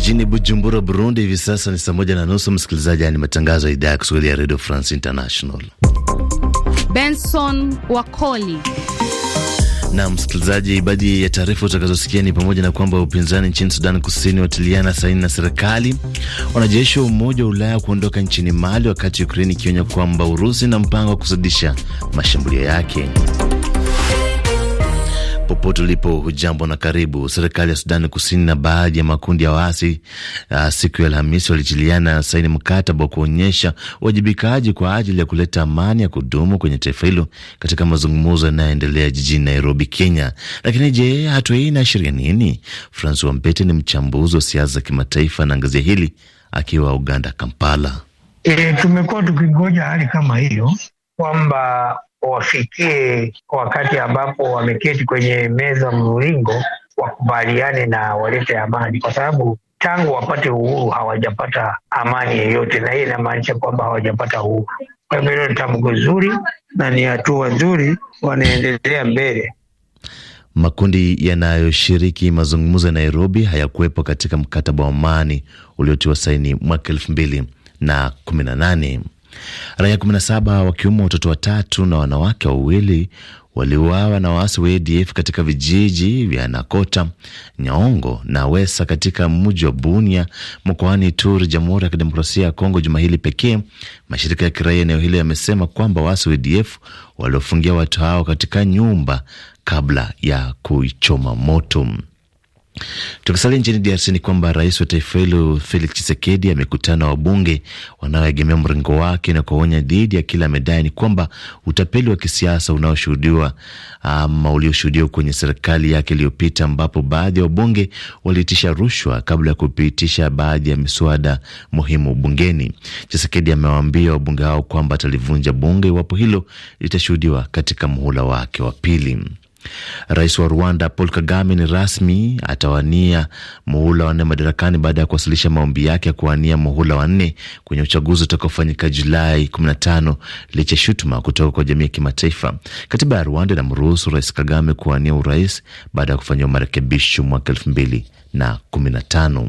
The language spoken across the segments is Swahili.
Jijini Bujumbura, Burundi, hivi sasa ni saa moja na nusu. Msikilizaji, ni matangazo ya idhaa ya Kiswahili ya Radio France International. Benson Wakoli na msikilizaji, baadhi ya taarifa utakazosikia ni pamoja na kwamba upinzani nchini Sudan Kusini watiliana saini na serikali, wanajeshi wa Umoja wa Ulaya kuondoka nchini Mali, wakati Ukraini ikionya kwamba Urusi na mpango wa kuzidisha mashambulio yake. Popote ulipo hujambo na karibu. Serikali ya Sudani Kusini na baadhi ya makundi ya waasi uh, siku ya Alhamisi walijiliana saini mkataba wa kuonyesha uwajibikaji kwa ajili ya kuleta amani ya kudumu kwenye taifa hilo katika mazungumzo yanayoendelea jijini Nairobi, Kenya. Lakini je, hatua hii inaashiria nini? Francis Wambete ni mchambuzi wa siasa za kimataifa na angazia hili akiwa Uganda, Kampala. E, tumekuwa tukingoja hali kama hiyo kwamba wafikie wakati ambapo wameketi kwenye meza mviringo, wakubaliane na walete amani, kwa sababu tangu wapate uhuru hawajapata amani yeyote, na hii inamaanisha kwamba hawajapata uhuru. Kwa hivyo hilo ni tamko zuri na ni hatua nzuri, wanaendelea mbele. Makundi yanayoshiriki mazungumzo ya Nairobi hayakuwepo katika mkataba wa amani uliotiwa saini mwaka elfu mbili na kumi na nane. Raia 17 wakiwemo watoto watatu na wanawake wawili waliuawa na waasi wa ADF katika vijiji vya Nakota, Nyaongo na Wesa katika mji wa Bunia mkoani Ituri, Jamhuri ya Kidemokrasia ya Kongo juma hili pekee. Mashirika ya kiraia eneo hili yamesema kwamba waasi wa ADF waliofungia watu hao katika nyumba kabla ya kuichoma moto. Tukisalia nchini DRC ni kwamba rais wa taifa hilo Felix chisekedi amekutana wabunge wanaoegemea mrengo wake na kuwaonya dhidi ya kila amedai ni kwamba utapeli wa kisiasa unaoshuhudiwa ama ulioshuhudiwa kwenye serikali yake iliyopita, ambapo baadhi ya wabunge waliitisha rushwa kabla ya kupitisha baadhi ya miswada muhimu bungeni. chisekedi amewaambia wabunge hao kwamba atalivunja bunge iwapo hilo litashuhudiwa katika muhula wake wa pili. Rais wa Rwanda Paul Kagame ni rasmi atawania muhula wanne madarakani baada ya kuwasilisha maombi yake ya kuwania muhula wanne kwenye uchaguzi utakaofanyika Julai 15 licha shutuma kutoka kwa jamii ya kimataifa. Katiba ya Rwanda inamruhusu Rais Kagame kuwania urais baada ya kufanyiwa marekebisho mwaka 2015.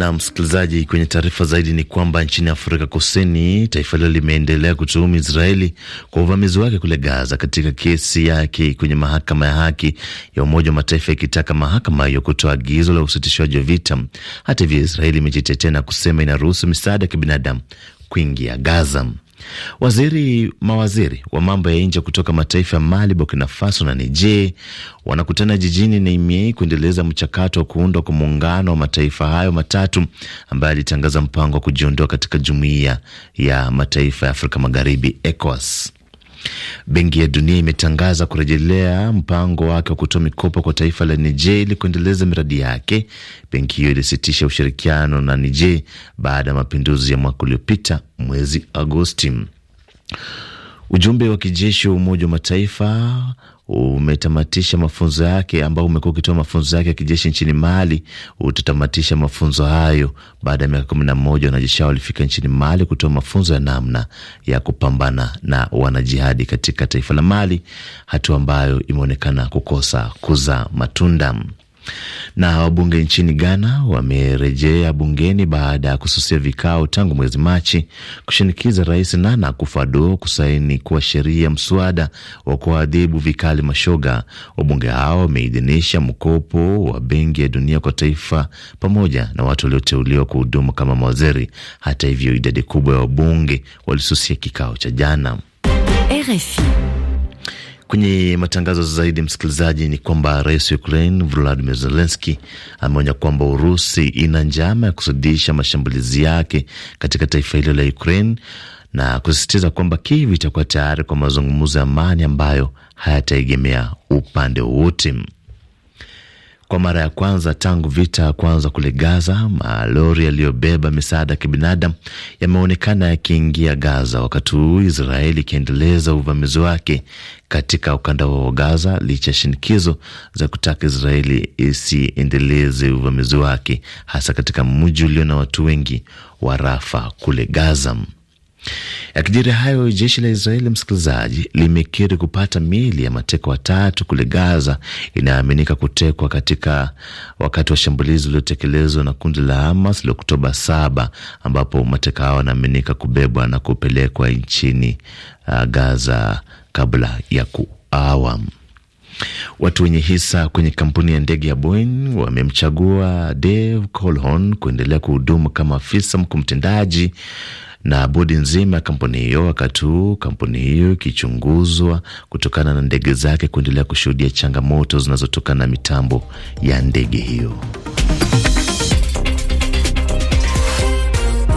Na msikilizaji, kwenye taarifa zaidi ni kwamba nchini Afrika Kusini, taifa hilo limeendelea kutuhumu Israeli kwa uvamizi wake kule Gaza, katika kesi yake kwenye mahakama ya haki ya Umoja wa Mataifa ikitaka mahakama hiyo kutoa agizo la usitishwaji wa vita. Hata hivyo, Israeli imejitetea na kusema inaruhusu misaada ya kibinadamu kuingia Gaza. Waziri mawaziri wa mambo ya nje kutoka mataifa ya Mali, Burkina Faso na Niger wanakutana jijini Niamey kuendeleza mchakato wa kuundwa kwa muungano wa mataifa hayo matatu ambaye alitangaza mpango wa kujiondoa katika jumuiya ya mataifa ya Afrika Magharibi, ECOWAS. Benki ya Dunia imetangaza kurejelea mpango wake wa kutoa mikopo kwa taifa la Niger ili kuendeleza miradi yake. Benki hiyo ilisitisha ushirikiano na Niger baada ya mapinduzi ya mwaka uliopita mwezi Agosti. Ujumbe wa kijeshi wa Umoja wa Mataifa umetamatisha mafunzo yake ambao umekuwa ukitoa mafunzo yake ya kijeshi nchini Mali. Utatamatisha mafunzo hayo baada ya miaka kumi na moja. Wanajeshi hao walifika nchini Mali kutoa mafunzo ya namna ya kupambana na wanajihadi katika taifa la Mali, hatua ambayo imeonekana kukosa kuzaa matunda. Na wabunge nchini Ghana wamerejea bungeni baada ya kususia vikao tangu mwezi Machi kushinikiza Rais Nana Akufo-Addo kusaini kuwa sheria mswada wa kuadhibu vikali mashoga. Wabunge hao wameidhinisha mkopo wa Benki ya Dunia kwa taifa pamoja na watu walioteuliwa kuhudumu kama mawaziri. Hata hivyo, idadi kubwa ya wabunge walisusia kikao cha jana. RFI Kwenye matangazo zaidi, msikilizaji, ni kwamba rais wa Ukraine Vladimir Zelenski ameonya kwamba Urusi ina njama ya kusudisha mashambulizi yake katika taifa hilo la Ukraine na kusisitiza kwamba Kiev itakuwa tayari kwa mazungumzo ya amani ambayo hayataegemea upande wowote. Kwa mara ya kwanza tangu vita kuanza kule Gaza, malori yaliyobeba misaada ya kibinadamu yameonekana yakiingia Gaza, wakati huu Israeli ikiendeleza uvamizi wake katika ukanda wa Gaza licha ya shinikizo za kutaka Israeli isiendeleze uvamizi wake hasa katika mji ulio na watu wengi wa Rafa kule Gaza. Yakijiri hayo, jeshi la Israeli, msikilizaji, limekiri kupata miili ya mateka watatu kule Gaza inayoaminika kutekwa katika wakati wa shambulizi uliotekelezwa na kundi la Hamas la Oktoba saba, ambapo mateka hao wanaaminika kubebwa na kupelekwa nchini uh, Gaza kabla ya kuawa. Watu wenye hisa kwenye kampuni ya ndege ya Boeing wamemchagua Dave Colhon kuendelea kuhudumu kama afisa mkuu mtendaji na bodi nzima ya kampuni hiyo, wakati huu kampuni hiyo ikichunguzwa kutokana na ndege zake kuendelea kushuhudia changamoto zinazotokana na mitambo ya ndege hiyo.